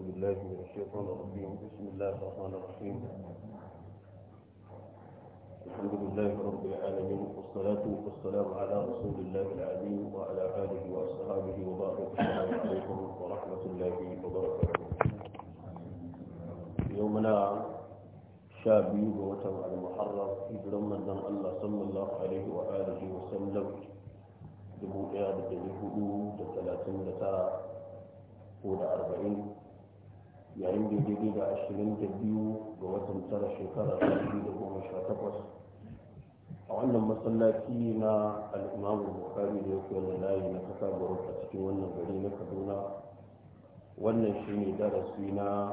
أعوذ بالله من الشيطان الرجيم بسم الله الرحمن الرحيم الحمد لله رب العالمين والصلاة والسلام على رسول الله العظيم وعلى آله وأصحابه وبارك السلام عليكم ورحمة الله وبركاته يومنا شابي وتم على محرم في رمضان الله صلى الله عليه وآله وسلم دبو إعادة الهدوء 39 ko da arba'in yayin da daidai da ashirin da biyu ga watan tara shekara ta biyu da goma sha takwas a wannan masallaci na al'imamu bukari da koya da layi na kasa barok a cikin wannan gari na kaduna wannan shi ne darasi na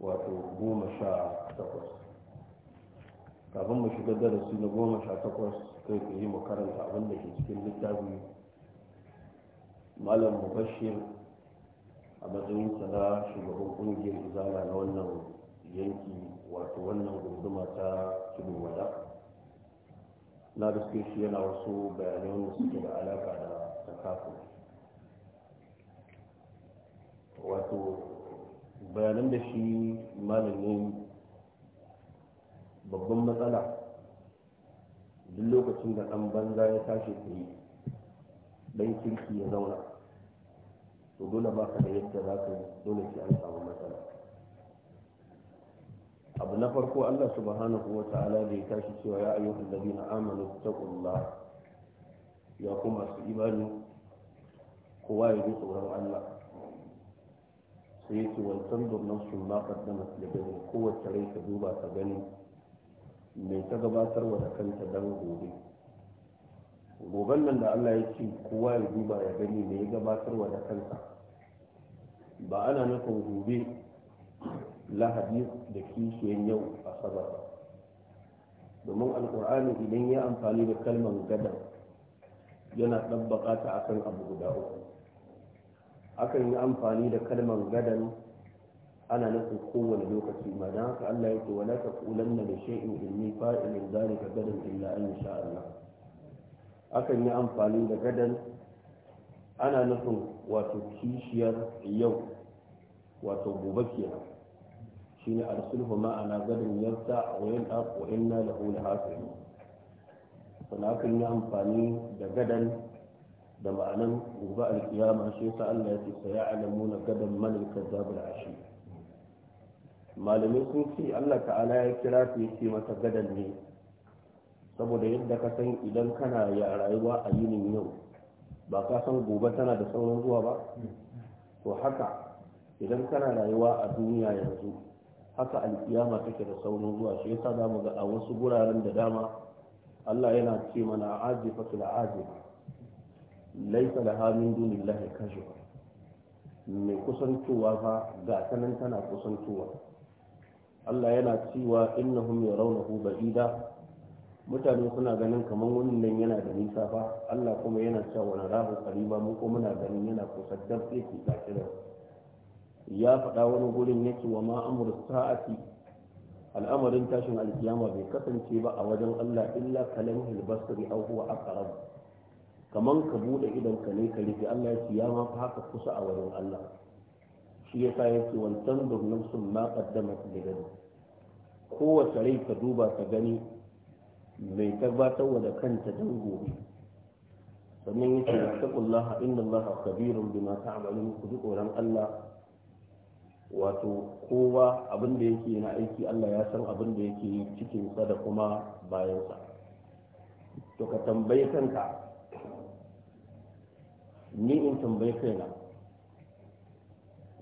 wato goma sha takwas kafin mu shiga darasi na goma sha takwas kai ka yi mu karanta abin da ke cikin littafi malam mubashir a matsayin sa na shugaban ƙungiyar izala na wannan yanki wato wannan gunduma ta tudu wada na suke shi yana wasu bayanai wanda suke da alaka da takafin wato bayanan da shi malamin babban matsala duk lokacin da ɗan banza ya tashi tsaye ɗan kirki ya zauna to dole ba ka da yadda za ka dole ki an samu matsala abu na farko Allah subhanahu wa ta'ala da ya tashi cewa ya ayyuhal ladina amanu taqullah ya kuma su imani kowa ya ji tsoron Allah sai yake wancan durnan su ma kaddama da gani kowace rai ka duba ka gani mai ta gabatarwa da kanta dan gobe goban nan da Allah ya ce kowa ya duba ya gani mai ya gabatarwa da kansa ba ana nufin gobe lahadi da kishiyan yau a asabar domin alkur'ani idan ya amfani da kalmar gadar yana ɗabbaka ta akan abu guda uku akan yi amfani da kalmar gadan ana nufin kowane lokaci ma don haka Allah ya ce wala taqulanna li shay'in inni ne ka gadon illa an sha Allah akan yi amfani da gadon ana nufin wato kishiyar yau wato gobe kenan shine al-sulhu ma'ana gadin yarta wa yin wa inna lahu lahafizun sana kan yi amfani da gadan da ma'anan gobe alkiyama shi yasa Allah ya ce alamu na gadan man al da ashi malamai sun ce Allah ta'ala ya kira ta yace mata gadan ne saboda yadda ka san idan kana ya rayuwa a yinin yau ba ka san gobe tana da sauran zuwa ba to haka idan kana rayuwa a duniya yanzu haka alkiyama take da saurin zuwa shi yasa za mu ga a wasu guraren da dama Allah yana ce mana azifatul azifa laisa laha min dunillahi kashifa mai kusantowa ba ga tanan tana kusantowa Allah yana cewa innahum yarawnahu ba'ida mutane suna ganin kamar wannan yana da nisa fa Allah kuma yana cewa wani rahu kariba mu ko muna ganin yana kusa da yake ya faɗa wani gurin yake wa ma amru sa'ati al'amarin tashin alkiyama bai kasance ba a wajen Allah illa kalamul basri aw huwa aqrab kaman ka bude idan ka ne ka rufe Allah ya ce ya ma haka kusa a wajen Allah shi yasa yake wal tanzur nafsun ma qaddamat gado. kowace rai ka duba ka gani bai tabbatar wa da kanta don gobe sannan ce ta taƙullah inda Allah kabirin bi ma ta'malun ku ji tsoron Allah wato kowa abin da yake na aiki Allah ya san abin da yake yi cikin sa da kuma bayansa to ka tambaye kanka ni in tambaye kaina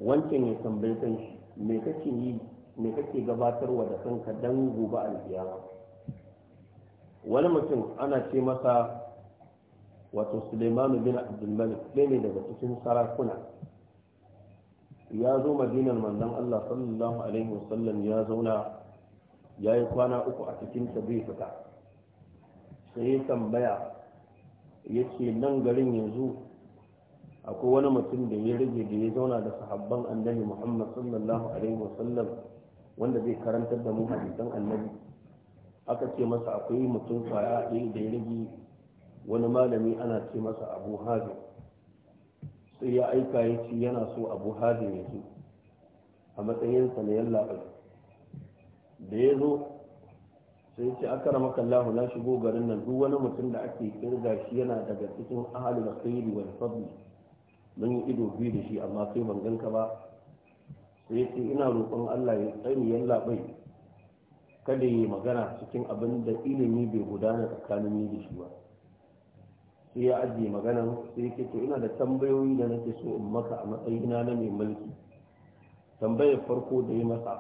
wancan ya tambaye shi me kake yi me kake gabatarwa da kanka dan gobe alkiyama wani mutum ana ce masa wato suleimanu bin abdulmalik ɗaya ne daga cikin sarakuna ya zo madinar manzon allah sallallahu alaihi wasallam ya zauna ya yi kwana uku a cikin ta fita sai ya tambaya ya ce nan garin yanzu akwai wani mutum da ya rage da ya zauna da sahabban annabi muhammad sallallahu alaihi wasallam wanda zai karantar da mu hadisan annabi aka ce masa akwai mutum a ɗaya da ya wani malami ana ce masa abu hajji sai ya aika ya ce yana so abu hajji ya ce a matsayinsa na yallaɓai da ya zo sai ce aka rama kallahu na shigo garin nan duk wani mutum da ake kirga shi yana daga cikin ahalin khairi wal fadli mun yi ido biyu da shi amma sai ban ganka ba sai ce ina roƙon Allah ya tsani yallaɓai kada yi magana cikin abin da ilimi bai gudana tsakanin yi da shi ba sai ya ajiye magana sai yake to ina da tambayoyi da nake so in maka a matsayina na mai mulki tambayar farko da ya masa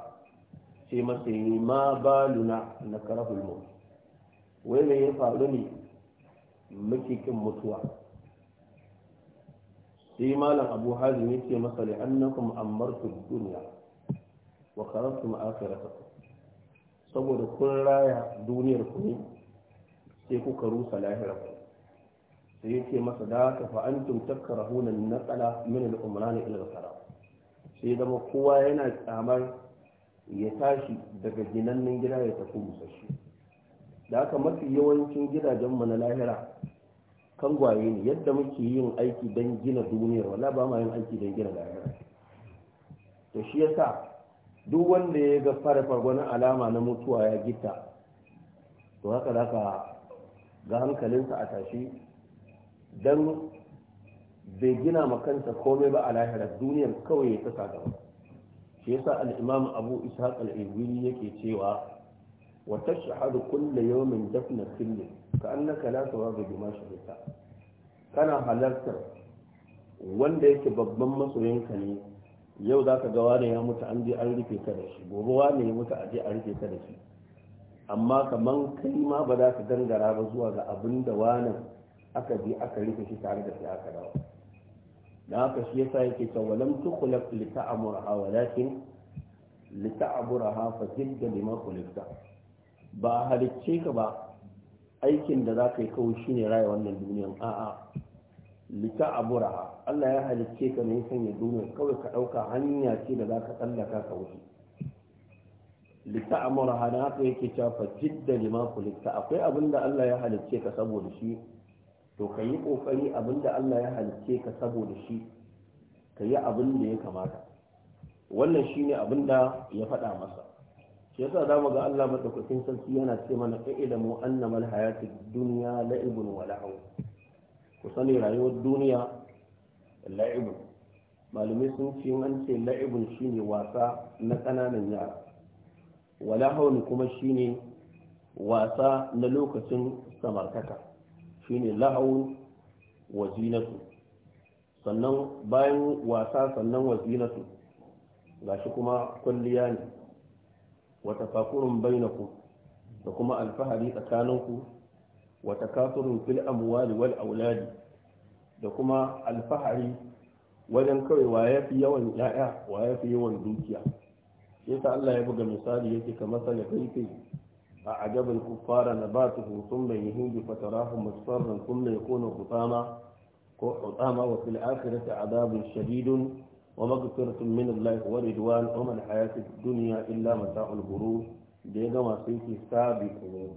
ce masa yi ma baluna na karahul mu wai mai ya faru ne muke kin mutuwa sai malam abu hajji ne ce masa li'annakum amartu duniya wa karatu ma'akiratakum saboda kun raya duniyar ku ne sai kuka rusa lahira sai yake masa da ka fa antum takrahuna an-naqala min al-umran ila al qara sai zama kowa yana tsamar ya tashi daga ginannen gida ya tafi musashi da haka mafi yawancin gidajen mu na lahira kan gwaye ne yadda muke yin aiki don gina duniyar wala ba ma yin aiki don gina lahira to shi yasa duk wanda ya ga fara fargonin alama na mutuwa ya gita to haka za ka ga hankalinsa a tashi don bai gina makanta komai ba a lahirar duniyar kawai ya ta gaba shi yasa al'imam abu ishaq al'ibiri yake cewa wata shahadu kulle min dafna kulle ka an annaka la tawaba bima shahita kana halartar wanda yake babban masoyinka ne yau za ka ga wani ya mutu an je an rufe ka da shi gobe wani ya mutu a je an rufe ka da shi amma kaman kai ma ba za ka gangara ba zuwa ga abin da wani aka je aka rufe shi tare da shi aka dawo da haka shi yasa yake cewa lam tukhlaq li ta'murha walakin li ta'buraha fa tilka lima khuliqta ba halicce ka ba aikin da za ka yi kawai shine raya wannan duniyan a'a lita aburaha Allah ya halicce ka ne san ya duniya kawai ka ɗauka hanya ce da za ka tsallaka ka wuce lita amuraha na haka yake cewa fa jidda lima lita akwai abin da Allah ya halicce ka saboda shi to ka yi ƙoƙari abin Allah ya halicce ka saboda shi ka yi abin da ya kamata wannan shine abin da ya faɗa masa shi yasa za mu ga Allah madaukakin sarki yana ce mana ƙa'ilamu annamal hayatid dunya la'ibun wa la'aw ku sani rayuwar duniya la'ibun malamai sun ce an ce la'ibun shine wasa na ƙananan yara wala hauni kuma shine wasa na lokacin samartaka shine lahawun wazinatu sannan bayan wasa sannan wazinatu gashi kuma kwalliya ne wata fakurin bainaku da kuma alfahari tsakaninku wata takathurun fil amwali wal auladi da kuma alfahari wajen kawai wa ya fi yawan ya'ya wa ya fi yawan dukiya sai ta Allah ya buga misali yake kamar salafin a ajabal kuffara nabatuhu thumma yahudu fatarahu musfarran thumma yakunu hutama kona hutama wa fil akhirati adabun shadidun wa maghfiratun min Allah wa ridwan wa man hayatid dunya illa mata'ul ghurur da ya gama sai ke sabiqu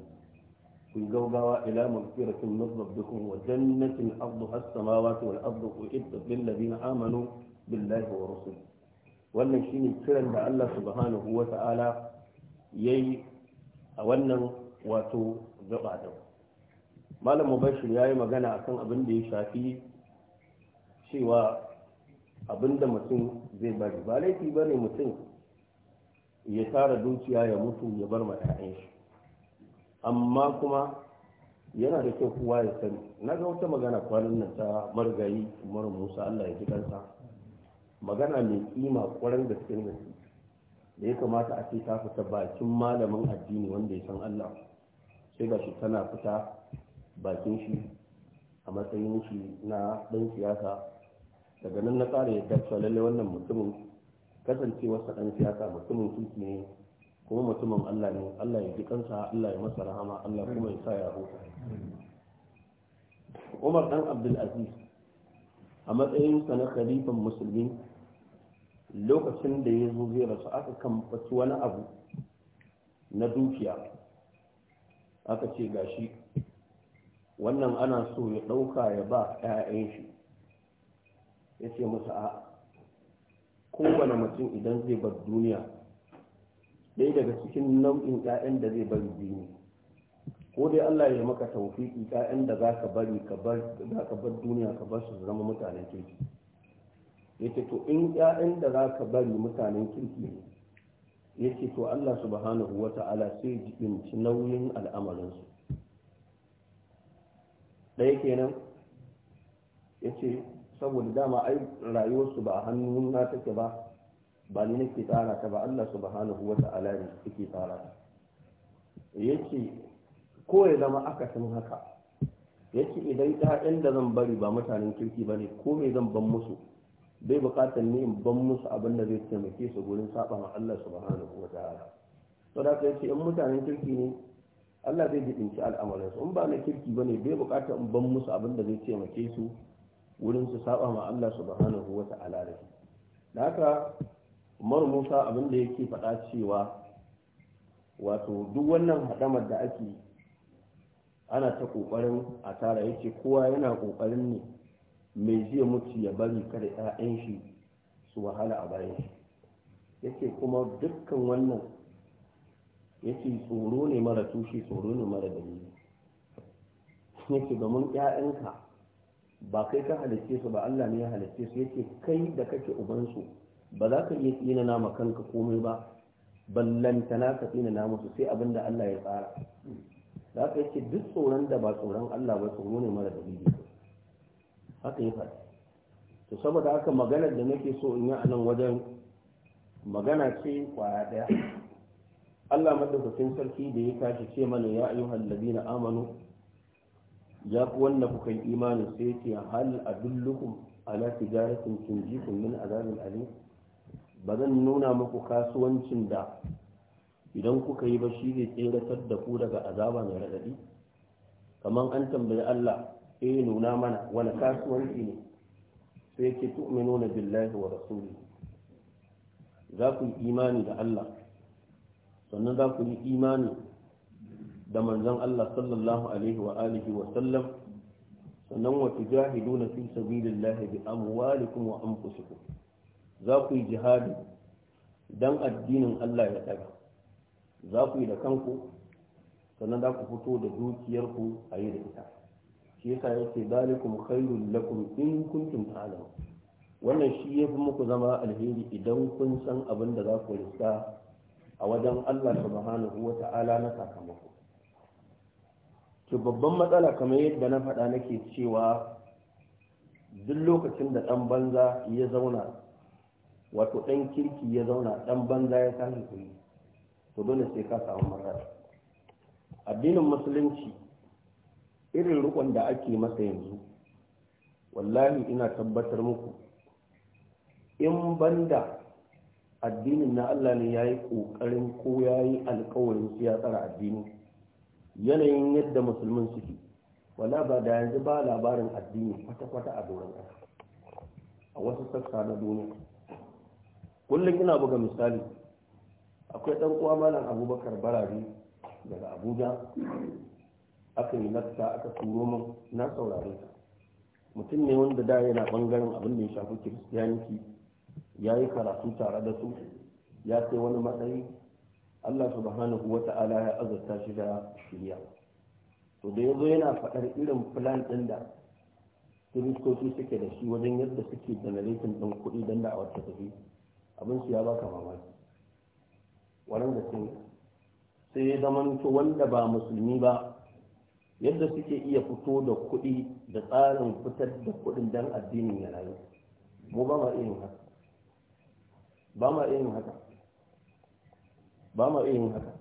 في جوجوا إلى مغفرة من ربكم وجنة أرضها السماوات والأرض أعدت للذين آمنوا بالله ورسوله wannan shine kiran da Allah subhanahu wa ta'ala yayi a wannan wato gaba da malam mubashir yi magana akan abin da ya shafi cewa abin da mutum zai bari ba laifi ne mutum ya tara dukiya ya mutu ya bar ma 'ya'yan shi amma kuma yana da kyau kowa ya sani na ga wata magana kwanan nan ta margayi umar musa allah ya ji kansa magana mai kima kwarar da suke nasi da ya kamata a ce ta fita bakin malamin addini wanda ya san allah sai ga shi tana fita bakin shi a matsayin shi na ɗan siyasa daga nan na tsara ya lalle wannan mutumin kasancewarsa ɗan siyasa mutumin kuki ne kuma mutumin Allah ne Allah ya ji kansa Allah ya masa rahama Allah kuma ya sa ya huta Umar dan Abdul Aziz a matsayin sa na khalifan musulmi lokacin da ya zo zai rasu aka kan wani abu na dukiya aka ce gashi wannan ana so ya ɗauka ya ba ƴaƴan shi ya ce musu a kowane mutum idan zai bar duniya dai daga cikin nau'in ƴaƴan da zai bari biyu ko dai Allah ya maka tawfiki ƴaƴan da za ka bari ka bar duniya ka bar su zama mutanen kirki yace to in ƴaƴan da za ka bari mutanen kirki ne yace to Allah subhanahu wata'ala sai ci nauyin al'amarin su ɗaya kenan yace saboda dama ai rayuwarsu ba a hannun na take ba ba ni nake tsara ta ba Allah subhanahu wa ta'ala ne yake tsara ta yace ko ya zama aka san haka yace idan ƴaƴan da zan bari ba mutanen kirki bane ko me zan ban musu bai bukatar ne in ban musu abin da zai taimake su gurin saba ma Allah subhanahu wa ta'ala to da ka yace in mutanen kirki ne Allah zai jibinci al'amarin su in ba na kirki bane bai bukatar in ban musu abin da zai taimake su wurin su saba ma Allah subhanahu wa ta'ala da haka umar musa abin da yake faɗa cewa wato duk wannan haɗamar da ake ana ta ƙoƙarin a tara yake kowa yana ƙoƙarin ne mai zai mutu ya bari kada 'ya'yan shi su wahala a bayan shi yake kuma dukkan wannan yake tsoro ne mara tushe tsoro ne mara dalili yake domin 'ya'yanka ba kai ka halitce su ba allah ne ya halitce su yake kai da kake ubansu ba za ka iya tsina nama kanka komai ba na ka tsina na musu sai abin da Allah ya tsara za ka yake duk tsoron da ba tsoron Allah ba tsoro ne mara dalili haka ya faɗi to saboda haka maganar da nake so in yi a nan wajen magana ce kwaya ɗaya Allah madaukakin sarki da ya tashi ce mana ya ayyuhal ladina amanu ya ku wanda ku yi imani sai ce hal adullukum ala tijaratin tunjikum min azabin alim ba zan nuna muku kasuwancin da idan kuka yi ba shi zai tseratar da ku daga azaba mai raɗaɗi kamar an tambayi Allah eh nuna mana wani kasuwanci ne sai ke tu'minu na billahi wa rasuli za ku yi imani da Allah sannan za ku yi imani da manzon Allah sallallahu alaihi wa alihi wa sallam sannan wa tujahiduna fi sabilillahi bi amwalikum wa anfusikum za ku yi jihadi don addinin Allah ya daga za ku yi da kanku sannan za ku fito da dukiyarku a yi da ita shi yasa yake dalikum khairul lakum in kuntum ta'lamun wannan shi ya fi muku zama alheri idan kun san abin da za ku lissa a wajen Allah subhanahu wa ta'ala na sakamako to babban matsala kamar yadda na faɗa nake cewa duk lokacin da ɗan banza ya zauna wato ɗan kirki ya zauna ɗan banza ya tashi kuri to dole sai ka samu marar addinin musulunci irin rukun da ake masa yanzu wallahi ina tabbatar muku in banda addinin na Allah ne ya yi ƙoƙarin ko ya yi alkawarin su ya tsara addini yanayin yadda musulmin suke wala ba da yanzu ba labarin addini kwata-kwata a doron ƙasa a wasu sassa na duniya kullum ina buga misali akwai dan uwa malam abubakar barari daga abuja aka yi nasta aka turo min na saurare ta mutum ne wanda da yana bangaren abin da ya shafi kiristiyaniki ya yi karatu tare da su ya kai wani matsayi allah subhanahu wa ta'ala ya azurta shi da shirya to da ya zo yana faɗar irin filan ɗin da kiristoci suke da shi wajen yadda suke generatin ɗin kuɗi don da a wata tafi abin su ya baka mamaki wannan da sun sai ya zama wanda ba musulmi ba yadda suke iya fito da kuɗi da tsarin fitar da kuɗin don addinin ya rayu mu ba ma irin haka ba ma irin haka ba ma irin haka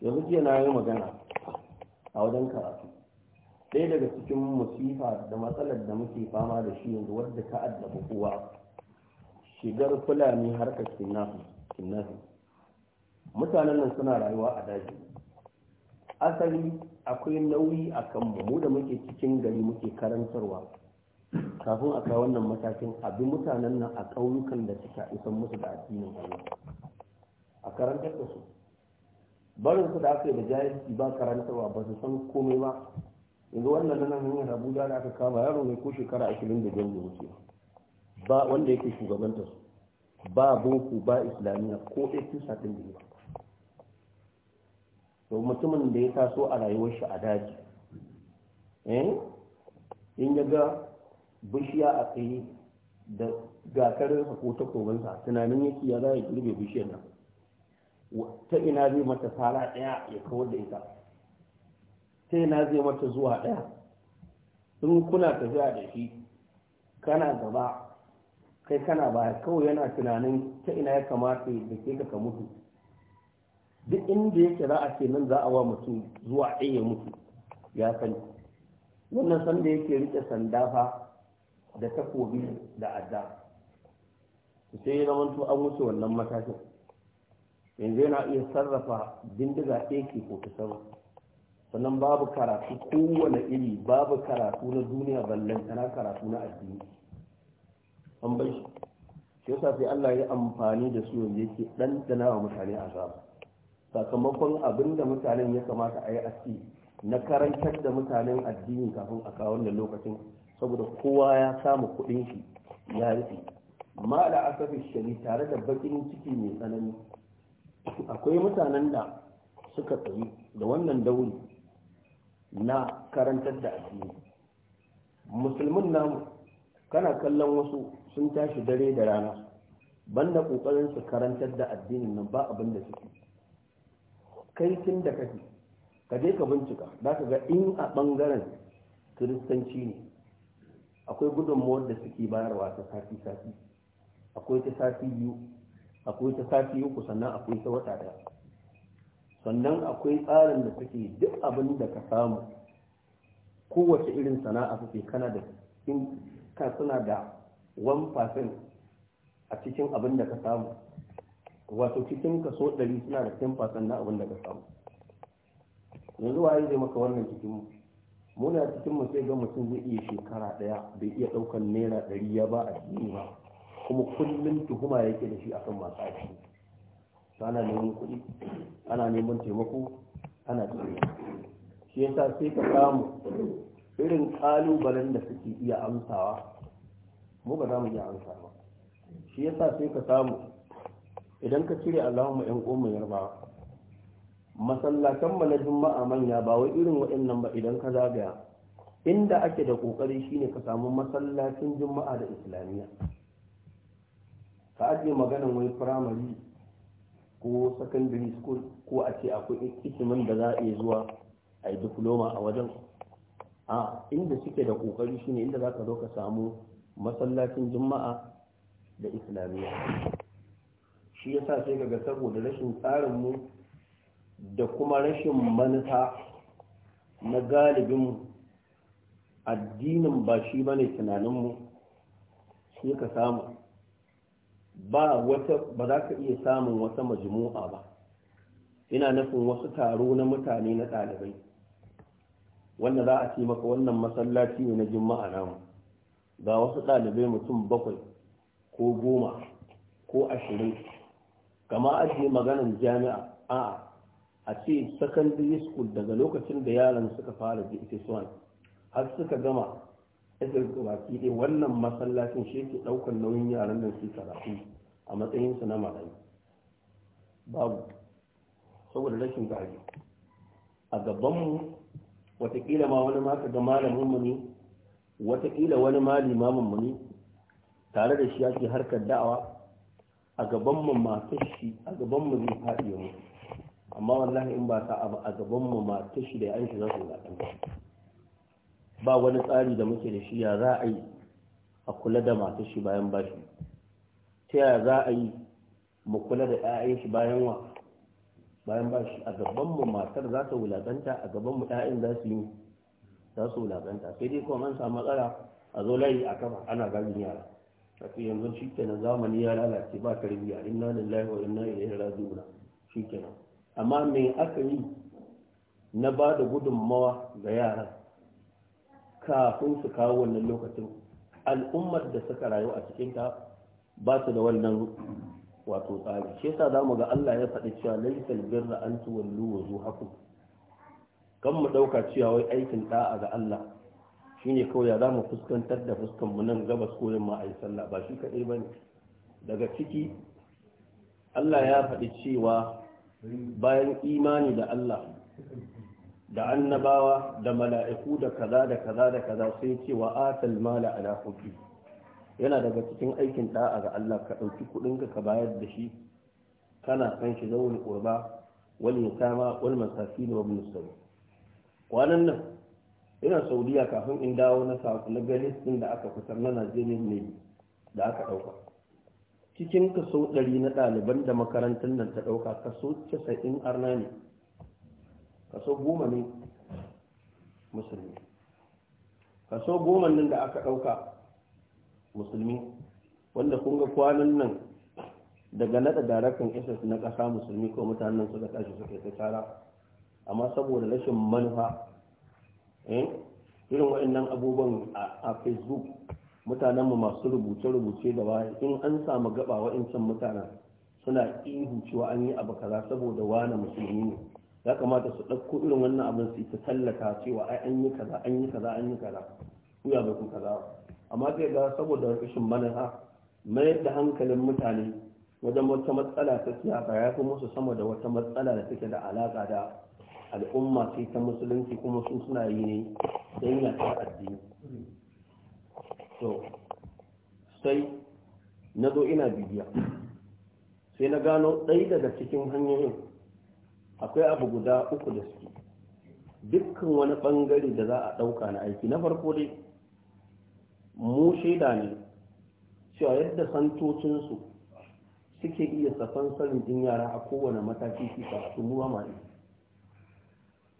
yanzu jiya na yi magana a wajen karatu ɗaya daga cikin musifa da matsalar da muke fama da shi yanzu wadda ta addaba kowa shigar fulani harkar kinnafi mutanen nan suna rayuwa a daji asali akwai nauyi a kanmu mu da muke cikin gari muke karantarwa kafin a kai wannan matakin abin mutanen nan a ƙauyukan da suka isan musu da addinin Allah a karantar da su barin su da aka yi da jahilci ba karantarwa ba su san komai ba yanzu wannan nan hanyar abuja da aka kama yaro mai ko shekara ashirin da jan da wuce ba wanda yake shugabanta ba boko ba islamiyya ko ɗaya satin da ba to mutumin da ya taso a rayuwar shi a daji eh, in ya ga bishiya a tsaye da gatarin ko sa tunanin yake ya zai girbe bishiyar nan ta ina zai mata fara daya ya kawar da ita ta ina zai mata zuwa daya. in kuna tafiya da shi kana gaba kai kana baya kawai yana tunanin ta ina ya kamata da ke ka mutu duk inda yake za a ce nan za a wa mutum zuwa ɗaya mutu ya sani wannan sanda yake rike sanda fa da takobi da adda sai ya zamanto an wuce wannan matashin. yanzu yana iya sarrafa bindiga ɗaki ko ta sama sannan babu karatu kowane iri babu karatu na duniya ballantana karatu na addini an bai shi shi yasa sai Allah ya amfani da su yanzu yake ɗanɗana wa mutane a azaba sakamakon abin da mutanen ya kamata a yi aski na karantar da mutanen addini kafin a kawo wannan lokacin saboda kowa ya samu kuɗin shi ya rufe ma da asafi shari tare da bakin ciki mai tsanani akwai mutanen da suka tsayi da wannan dauri na karantar da addini musulmin namu kana kallon wasu sun tashi dare da rana banda kokarin su karantar da addinin nan ba abin da suke kai tun da kake ka je ka bincika za ka ga in a bangaren kiristanci ne akwai gudunmuwar da suke bayarwa ta sati sati akwai ta sati biyu akwai ta sati uku sannan akwai ta wata daya sannan akwai tsarin da suke duk abin da ka samu kowace irin sana'a suke kana da in ka suna da 1% a cikin abin da ka samu wato cikin kaso 100 suna da 10% na abin da ka samu yanzu waye zai maka wannan cikin mu muna cikin mu sai ga mutum zai iya shekara daya bai iya daukan naira 100 ya ba a cikin ba kuma kullum tuhuma yake da shi akan masu aiki ana neman kuɗi ana neman taimako ana tsoro shi yasa sai ka samu irin kalubalen da suke iya amsawa mu ba za mu iya amsa ba shi yasa sai ka samu idan ka cire Allahumma yan umma yarba masallatan mala na juma'a manya ba wai irin waɗannan ba idan ka zagaya inda ake da kokari shine ka samu masallacin juma'a da islamiyya ka ajiye maganan wai firamare ko secondary school ko a ce akwai ikimin da za a iya zuwa a yi diploma a wajen a inda suke da kokari shine inda za ka zo ka samu masallacin juma'a da islamiyya shi ya sa sai ga saboda rashin tsarinmu da kuma rashin manufa na galibinmu addinin ba shi ba tunaninmu shi ka samu ba wata ba za ka iya samun wata majmu'a ba ina nufin wasu taro na mutane na ɗalibai wanda za a ce maka wannan masallaci ne na juma'a namu ga wasu ɗalibai mutum bakwai ko goma ko ashirin kama ajiye maganan jami'a a a ce secondary school daga lokacin da yaran suka fara ita 1 har suka gama ss baki ɗaya wannan masallacin shi ke ɗaukar nauyin yaran da su karatu a matsayinsu na marayu babu saboda rashin gari a gabanmu watakila ma wani maka ga malamin mu ne watakila wani ma limamin mu ne tare da shi ake harkar da'awa a gaban mu matar shi a gaban mu zai faɗi mu amma wallahi in ba ta abu a gaban mu matar shi da an shi za su ba wani tsari da muke da shi ya za a yi a kula da matar shi bayan ba shi ta yaya za a yi mu kula da 'ya'yan shi bayan wa bayan ba shi a gaban mu matar za ta wulaƙanta a gaban mu 'ya'yan za su yi za su wulaƙanta sai dai kuma an samu matsala a zo layi a kafa ana gajin yara a yanzu shi kenan zamani ya lalace ba tarbiyya inna lillahi wa inna ilaihi raji'un shi kenan amma me aka yi na ba da gudunmawa ga yaran kafin su kawo wannan lokacin al'ummar da suka rayu a cikinta ba su da wannan wato tsari shi yasa zamu ga Allah ya faɗi cewa laysal birra an tuwallu wujuhakum kan mu ɗauka cewa wai aikin ɗa'a ga Allah shine kawai ya za mu fuskantar da fuskan mu nan gabas ko yamma a yi sallah ba shi kaɗai ba ne daga ciki Allah ya faɗi cewa bayan imani da Allah da annabawa da mala'iku da kaza da kaza da kaza sai ce wa atal mala ala yana daga cikin aikin da'a ga Allah ka ɗauki kuɗin ka bayar da shi kana san shi zawul qurba wal yatama wal masakin wa ibn sabil kwanan nan ina saudiya kafin in dawo na na galis din da aka fitar na najeriya ne da aka dauka cikin kaso ɗari na ɗaliban da makarantar nan ta dauka kaso casa'in arna ne kaso goma ne musulmi kaso goma nan da aka dauka musulmi wanda kun ga kwanan nan daga nada darakan ss na ƙasa musulmi ko mutanen suka tashi suka yi ta tsara amma saboda rashin manufa eh, irin waɗannan abubuwan a facebook mutanen mu masu rubuce-rubuce da ba in an samu gaba waɗancan mutanen suna ihu cewa an yi abu kaza saboda wani musulmi ne ya kamata su ɗauko irin wannan abin su ta tallata cewa ai an yi kaza an yi kaza an yi kaza kuya bai ku kaza amma sai ga saboda rashin manufa mayar da hankalin mutane wajen wata matsala ta siyasa ya fi musu sama da wata matsala da take da alaƙa da al'umma ce ta musulunci kuma su suna yi ne don yana ta addini so sai na zo ina bibiya sai na gano ɗaya daga cikin hanyoyin akwai abu guda uku da suke dukkan wani ɓangare da za a ɗauka na aiki na farko dai mu shaida ne cewa yadda santocinsu suke iya safan sanin yara a kowane mataki su karatu mu ne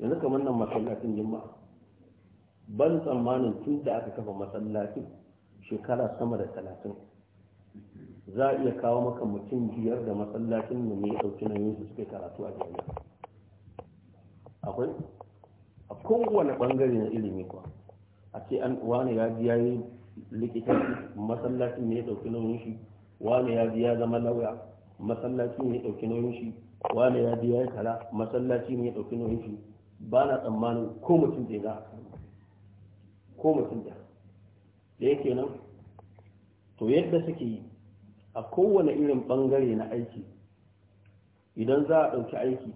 yanzu kamar nan masallacin juma'a ban tsammanin tun da aka kafa masallacin shekara sama da talatin za a iya kawo maka mutum biyar da masallacin da ne ɗauki nan yin su suke karatu a jami'a akwai a kowane ɓangare na ilimi kuwa a ce an wani ya ji ya yi likitanci masallacin ne ya ɗauki nauyin shi wani ya ji ya zama lauya masallacin ne ya ɗauki nauyin shi wani ya ji ya yi kala masallacin ne ya ɗauki nauyin shi ba na tsammanin ko mutum da za a kama ko mutum da da yake nan to yadda suke yi a kowane irin bangare na aiki idan za a ɗauki aiki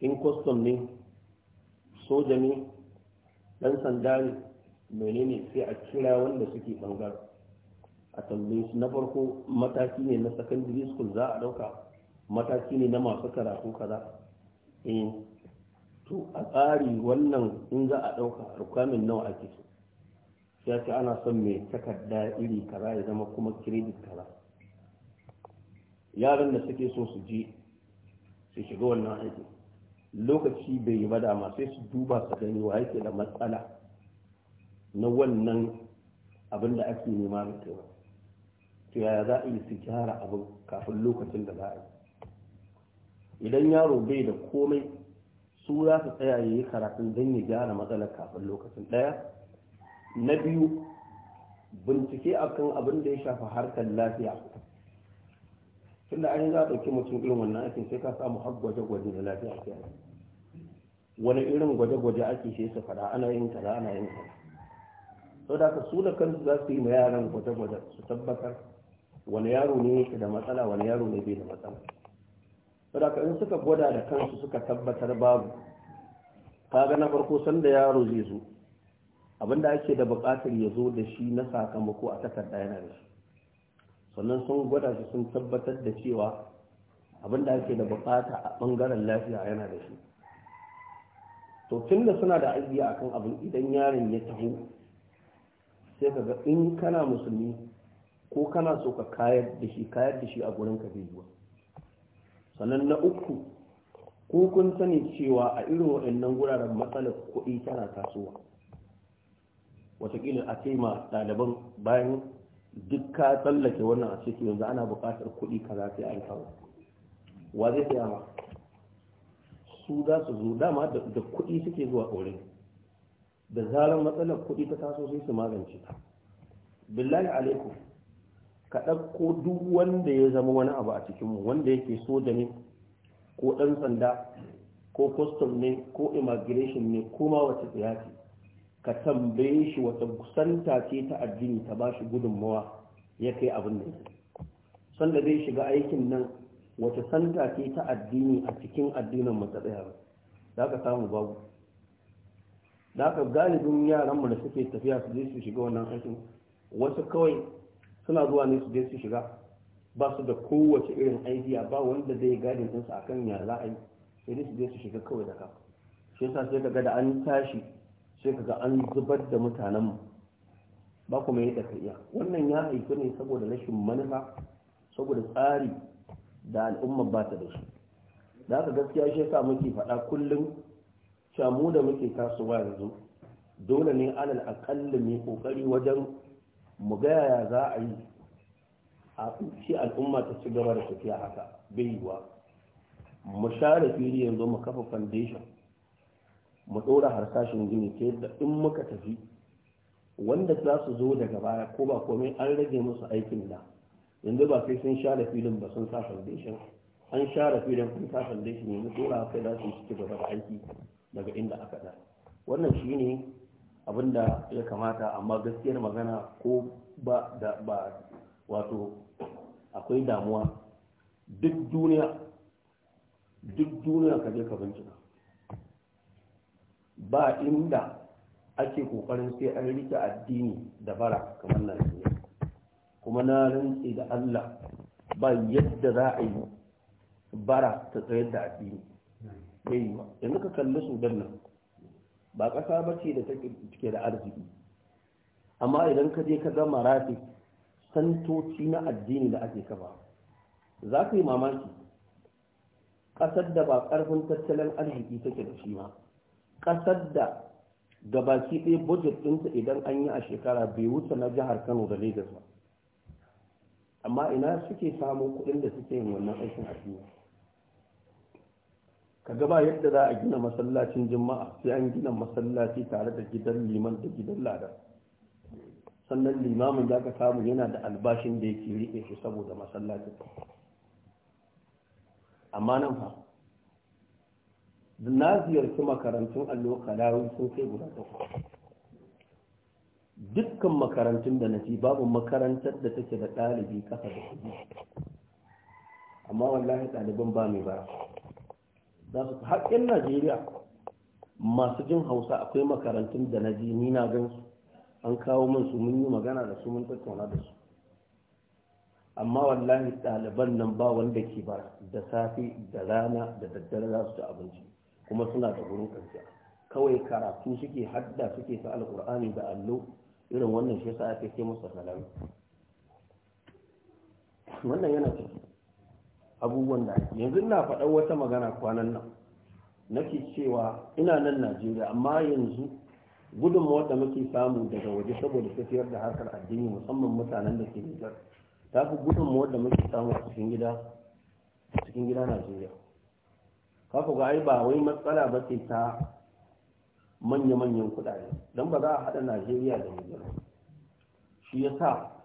in kwastam ne soja ne ɗan sanda ne menene sai a kira wanda suke bangare a tambaye su na farko mataki ne na secondary school za a ɗauka mataki ne na masu karatu kaza eh, to a tsari wannan in za a ɗauka rukwamin nawa ake so ya ce ana son mai takarda iri kaza ya zama kuma kiredit kaza yaran da suke so su je su shiga wannan aiki lokaci bai yi ba dama sai su duba su gani wa yake da matsala na wannan abin da ake nema da kai to yaya za a yi su gyara abin kafin lokacin da za a yi idan yaro bai da komai su za su tsaya yi karatun don ya gyara matsalar kafin lokacin ɗaya na biyu bincike akan abin da ya shafa harkar lafiya tunda an za a ɗauki mutum irin wannan aikin sai ka samu har gwaje-gwaje da lafiya ke wani irin gwaje-gwaje ake shi su fada ana yin kaza ana yin kaza sau da ka su da kansu za su yi ma yaran gwaje-gwaje su tabbatar wani yaro ne yake da matsala wani yaro ne bai da matsala saboda in suka gwada da kansu suka tabbatar babu kaga na farko sanda yaro zai zo abinda ake da bukatar ya zo da shi na sakamako a takarda yana da shi sannan sun gwada su sun tabbatar da cewa abinda ake da bukata a bangaren lafiya yana da shi to tun da suna da ajiya akan abin idan yaron ya taho sai ka ga in kana musulmi ko kana so ka kayar da shi kayar da shi a gurin ka zai sannan na uku ko kun sani cewa a irin waɗannan wuraren matsalar kuɗi tana tasowa watakila a ce ɗaliban bayan duk ka tsallake wannan a cikin yanzu ana buƙatar kuɗi kaza sai yi aikawa wa zai ma su za su zo dama da kuɗi suke zuwa aure da zarar matsalar kuɗi ta taso sai su magance ta billahi alaikum ka ɗauko duk wanda ya zama wani abu a cikinmu wanda yake soja ne ko ɗan sanda ko custom ne ko immigration ne ko ma wata tsiyati ka tambaye shi wata kusanta ce ta addini ta ba shi gudunmawa ya kai abin da sanda zai shiga aikin nan wata santa ce ta addini a cikin addinin mu ta tsaya za ka samu babu za ka galibin yaran mu da suke tafiya su je su shiga wannan aikin wasu kawai suna zuwa ne su je su shiga ba su da kowace irin idea ba wanda zai gadin ɗinsu a kan ya za yi sai su je su shiga kawai da ka shi yasa sai kaga da an tashi sai kaga an zubar da mutanenmu ba kuma yadda ka iya wannan ya haifi ne saboda rashin manufa saboda tsari da al'umma ba ta da shi da haka gaskiya shi yasa muke faɗa kullum cewa mu da muke kasuwa yanzu dole ne alal aƙalla mai ƙoƙari wajen mu ga yaya za a yi a ci al'umma ta ci gaba da tafiya haka bai yiwa mu share fili yanzu mu kafa foundation mu ɗora harsashin gini ta yadda in muka tafi wanda za su zo daga baya ko ba komai an rage musu aikin da yanzu ba sai sun share filin ba sun sa foundation an share filin kun sa foundation yanzu ɗora kai za su ci gaba da aiki daga inda aka da wannan shine da ya kamata amma gaskiyar magana ko ba da ba wato akwai damuwa duk duniya duk duniya ka je ka bincika ba inda ake kokarin sai an rike addini da bara kamar Najeriya kuma na rantsi da Allah ba yadda za a yi bara ta tsayar da addini yayi yi ba yanzu ka kalli su nan ba ƙasa ba ce da take da arziki amma idan ka je ka ga marafi santoci na addini da ake kafa za ka yi mamaki ƙasar da ba ƙarfin tattalin arziki take da shi ma ƙasar da ga baki ɗaya budget ɗinta idan an yi a shekara bai wuce na jihar kano da lagos ba amma ina suke samun kuɗin da suke yin wannan aikin addini kaga ba yadda za a gina masallacin juma'a sai an gina masallaci tare da gidan liman da gidan ladan sannan limamin da ka samu yana da albashin da yake riƙe shi saboda masallacin amma nan fa na ziyarci makarantun allo kalawi sun kai guda ta dukkan makarantun da na ci babu makarantar da take da ɗalibi kasa da kuɗi amma wallahi ɗaliban ba mai bara za su haƙƙin najeriya masu jin hausa akwai makarantun da na ji ni na gan su an kawo min su mun yi magana da su mun tattauna da su amma wallahi ɗaliban nan ba wanda ke ba da safe da rana da daddare za su ci abinci kuma suna da wurin kwanciya kawai karatu suke hadda suke sa alkur'ani da allo irin wannan shi yasa ake ce masa salami wannan yana ciki abubuwan da ake yanzu ina faɗar wata magana kwanan nan nake cewa ina nan najeriya amma yanzu gudunmawar da muke samu daga waje saboda tafiyar da harkar addini musamman mutanen da ke nijar ta fi gudunmawar da muke samu a cikin gida a cikin gida najeriya kafa ga ai ba wai matsala ba ce ta manya-manyan kudade don ba za a haɗa najeriya da nijar shi ya sa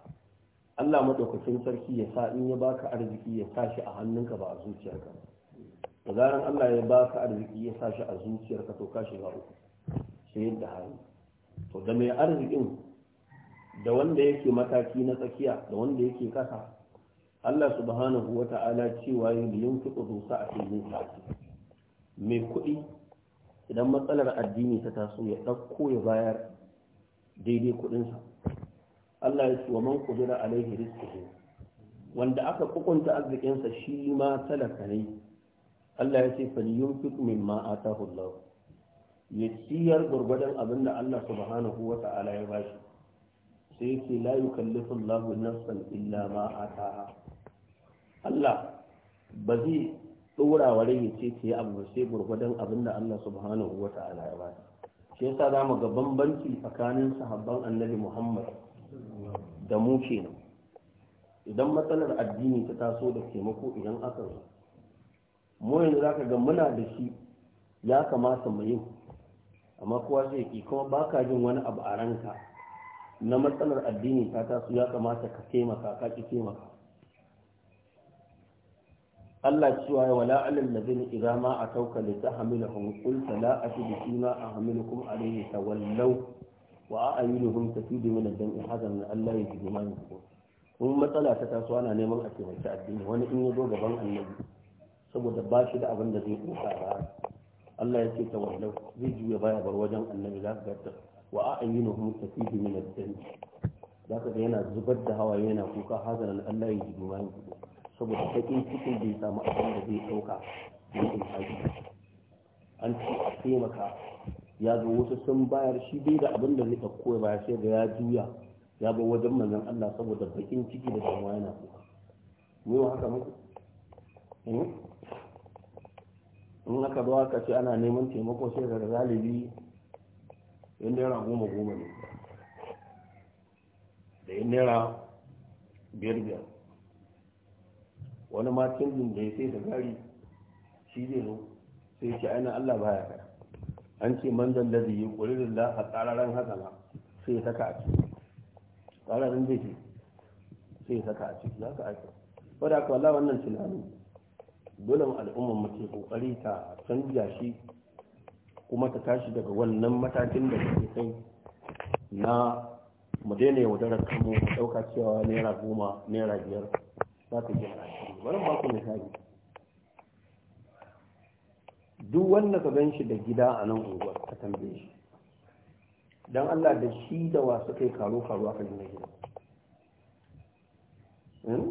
Allah madaukakin sarki ya sa in ya baka arziki ya sa a hannunka ba a zuciyarka da zaran Allah ya baka arziki ya sa a zuciyarka to kashi ba uku sai yadda hali to da mai arzikin da wanda yake mataki na tsakiya da wanda yake kasa Allah subhanahu wa ta'ala cewa yi yin fito dosa a cikin sa'ati mai kuɗi idan matsalar addini ta taso ya ɗauko ya bayar daidai kuɗinsa Allah ya ce wa man qudira alaihi rizquhu wanda aka kukunta arzikinsa shi ma talaka ne Allah ya ce falyunfiq mimma atahu Allah ya ciyar gurgurdan abin da Allah subhanahu wa ta'ala ya bashi sai yake la yukallifu Allah nafsan illa ma ataha Allah ba zai dora wa ya ce ta yi abu sai gurgurdan abinda da Allah subhanahu wa ta'ala ya bashi shi yasa zamu ga bambanci tsakanin sahabban Annabi Muhammad da mu kenan idan matsalar addini ta taso da taimako idan aka zo mu yanzu ka ga muna da shi ya kamata mu yi amma kowa zai ki kuma baka jin wani abu a ranka na matsalar addini ta taso ya kamata ka taimaka ka ki taimaka Allah cewa ya wala alal ladin idza ma atauka tahmiluhum qul la ashidu fima ahmilukum alayhi tawallaw wa a'ayunuhum tafidu min ad-dam'i hazanan Allah ya jibi man kun matsala ta taso ana neman a taimaki addini wani in ya zo gaban annabi saboda ba shi da abin da zai kusa ba Allah ya ce ta wallau zai juya baya bar wajen annabi za ka ga wa a'ayunuhum tafidu min ad-dam'i za ka ga yana zubar da hawaye yana kuka hazanan Allah ya jibi man saboda bakin cikin bai samu abin da zai dauka ya an ci a taimaka ya zo wata sun bayar shi dai da abin da nika koya baya sai da ya juya ya ba wajen manzon Allah saboda bakin ciki da kuma yana kuka mu haka muku eh? in haka zo ka ce ana neman taimako sai daga zalibi yan naira goma goma ne da yan naira biyar biyar wani ma canjin da ya sai da gari shi zai zo sai ce ainihin allah baya kai an ce manzan da zai yi ƙulilin da a tsararren hasana sai ya saka a ciki tsararren zai sai ya saka a ciki za ka aiki wadda ka wala wannan tunani dole al'ummar mu ce kokari ta canja shi kuma ta tashi daga wannan matakin da ke kai na mu daina yaudarar kanmu mu ɗauka cewa naira goma naira biyar za ta a shi wani ba ku misali duk wanda ka gan shi da gida a nan unguwar ka tambaye shi don Allah da shi da wasu kai karo karo aka kan gida hmm?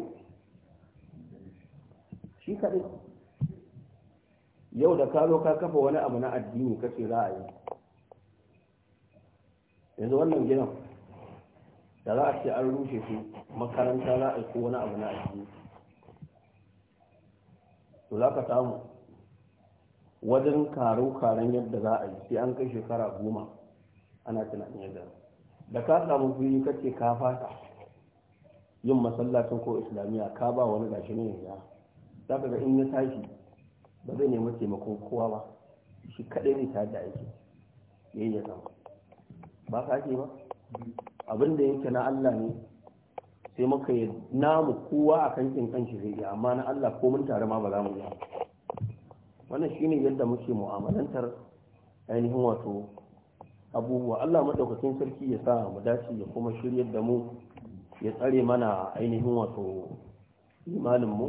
shi kaɗai yau da karo ka kafa wani abu na addini kake za a yi yanzu wannan gidan da za a ce an rushe su makaranta za a yi ko wani abu na addini to za ka samu wajen karo karen yadda za a yi sai an kai shekara goma ana tunanin yadda da ka samu fili kace ka fata yin masallacin ko islamiyya ka ba wani gashi ne ya za ka ga in ya tashi ba zai nemi taimakon kowa ba shi kaɗai ne ta da aiki ya yi ya ba ka ake ba abin da yake na Allah ne sai muka yi namu kowa a kankin kanshi zai yi amma na Allah ko mun tare ma ba za mu yi wannan ne yadda muke mu'amalantar ainihin wato abubuwa Allah madaukakin sarki ya sa mu dace ya kuma shiryar da mu ya tsare mana ainihin wato imanin mu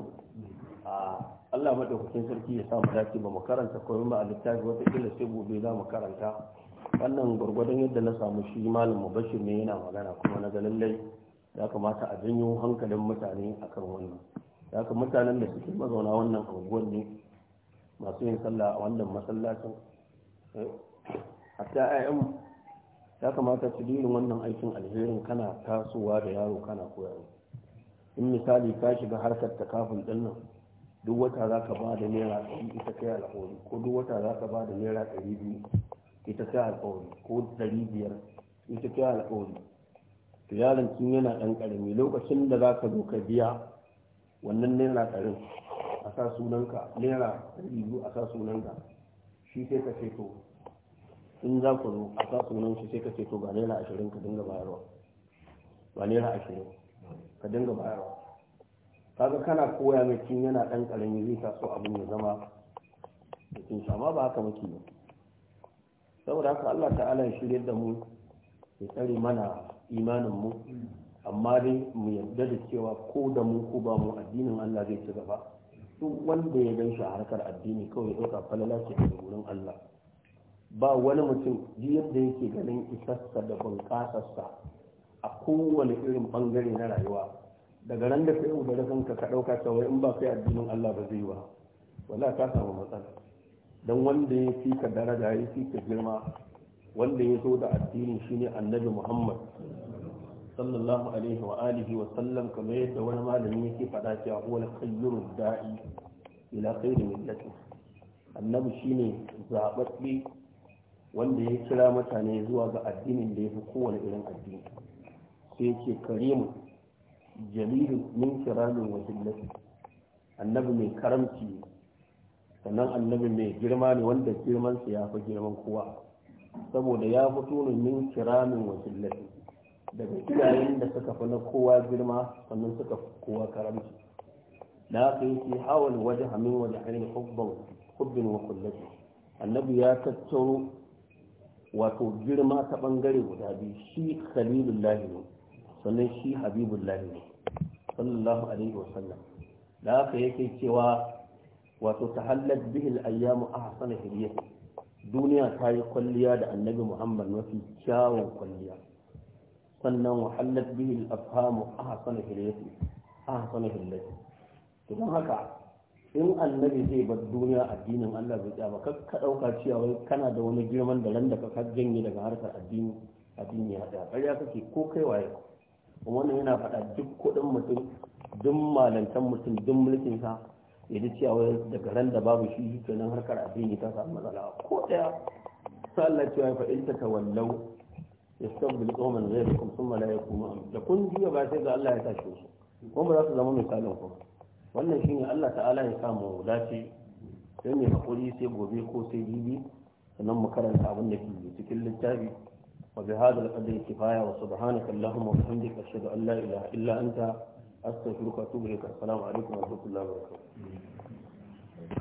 Allah madaukakin sarki ya sa mu dace ba mu karanta koyon ba a littafi wata kila sai gobe za mu karanta wannan gwargwadon yadda na samu shi malam mubashir ne yana magana kuma na ga lallai ya kamata a janyo hankalin mutane akan wannan ya mutanen da suke mazauna wannan unguwar ne masu yin sallah a wannan masallacin hatta ayyan ya kamata su dirin wannan aikin alherin kana tasowa da yaro kana koyarwa in misali ka shiga harkar kafin din nan duk wata za ka ba da naira ɗari ita kai alƙawari ko duk wata za ka ba da naira ɗari biyu ita kai alƙawari ko ɗari biyar ita kai alƙawari to yaron tun yana ɗan ƙarami lokacin da za ka zo ka biya wannan naira ɗarin a sa sunanka naira biyu a sa sunanka shi sai ka ce to in za ku zo a sa sunan shi sai ka ce to ga naira ashirin ka dinga bayarwa ba naira ashirin ka dinga bayarwa kaga kana koya mai kin yana dan karami zai taso abin ya zama cikin shi amma ba haka muke ba saboda haka Allah ta'ala ya shirye da mu ya tsare mana imanin mu amma dai mu yarda da cewa ko da mu ko ba mu addinin Allah zai ci gaba duk wanda ya gan shi a harkar addini kawai ɗauka falala ce a wurin Allah ba wani mutum yadda yake ganin isassa da bunƙasarsa a kowane irin ɓangare na rayuwa daga ran da ka da kanka ka ɗauka cewa in ba kai addinin Allah ba zai ba wala ka samu matsala don wanda ya fi ka daraja ya fi ka girma wanda ya zo da addini shine annabi Muhammad sallallahu alaihi wa alihi wa sallam kamar yadda wani malami yake faɗa cewa huwa al-khayru da'i ila khayri millati annabi shine zabatti wanda ya kira mutane zuwa ga addinin da yafi kowane irin addini sai yake karimu jalilu min kiramin wa jillati annabi mai karamci sannan annabi mai girma ne wanda girmansa ya fi girman kowa saboda ya fito ne min kiramin wa jillati daga iyayen da suka fi na kowa girma sannan suka fi kowa karamci da haka yake hawal waje hamin waje ainihin hubban hubbin wa kullaci annabi ya tattaro wato girma ta bangare guda biyu shi khalilullahi ne sannan shi habibullahi ne sallallahu alaihi wa wasallam da haka yake cewa wato ta hallar bihil ayyamu a hasana hiriyar duniya ta yi kwalliya da annabi muhammad mafi kyawun kwalliya sannan wa hallat bihi al-afhamu ahsana hilyati don haka in annabi zai bar duniya addinin Allah bai tsaya ba kar ka ɗauka cewa wai kana da wani girman da ran da ka janye daga harkar addini addini ya tsaya ƙarya kake ko kai waye wannan yana faɗa duk kuɗin mutum duk malantan mutum duk mulkin sa ya ji cewa daga ran da babu shi kenan harkar addini ta samu matsala ko ɗaya sallah cewa fa in ta tawallau yastabdil qauman ghayrakum thumma la yakunu am da kun jiya ba sai ga Allah ya tashi su kuma ba za su zama misalin ku wannan shine Allah ta'ala ya samu dace sai mai hakuri sai gobe ko sai bibi sannan mu karanta abin da ke cikin littafi wa bi hadal qadri kifaya wa subhanaka allahumma wa bihamdika ashhadu an la ilaha illa anta astaghfiruka wa atubu ilaik assalamu alaikum wa rahmatullahi wa barakatuh